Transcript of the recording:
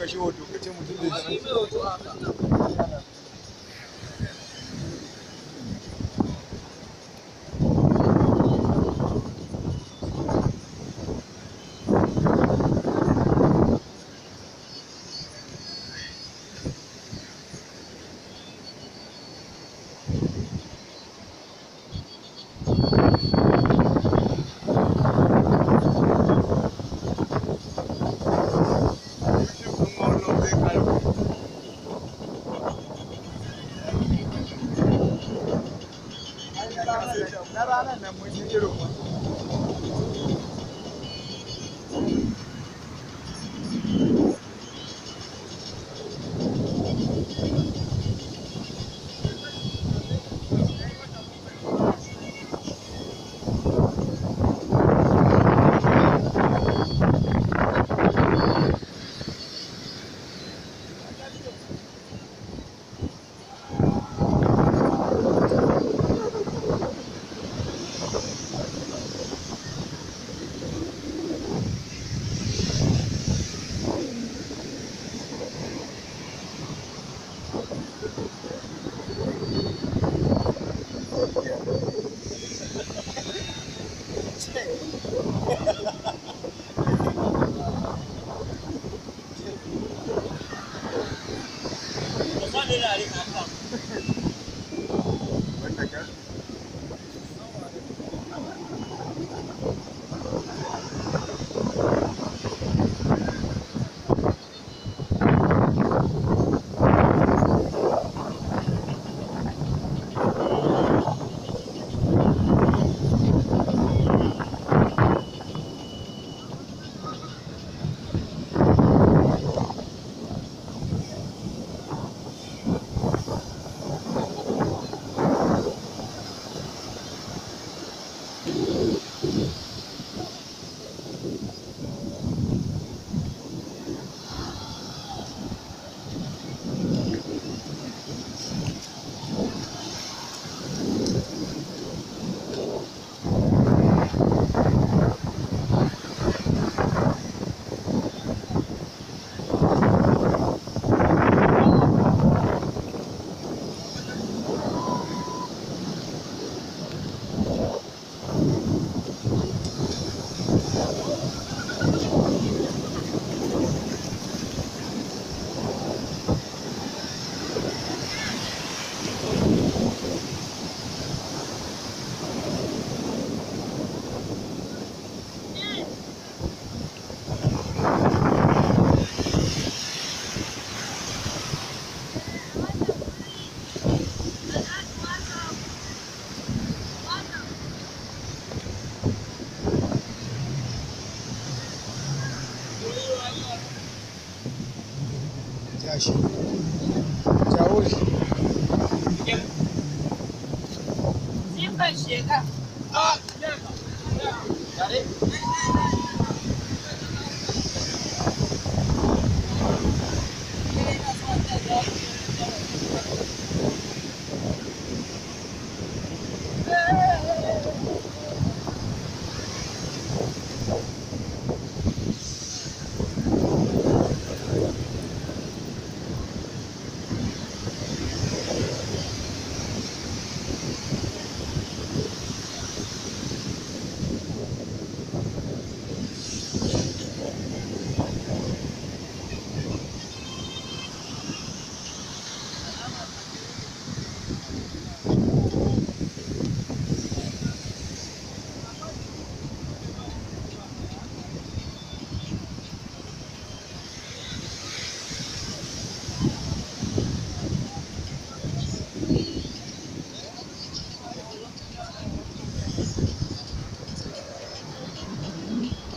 ka shi hoto kace mutum da shi quiero, Juan. したよ gashi jawo shi